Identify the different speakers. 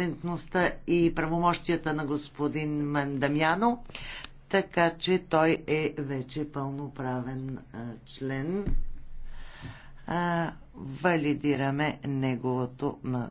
Speaker 1: компетентността и правомощията на господин Мандамяно, така че той е вече пълноправен член. валидираме неговото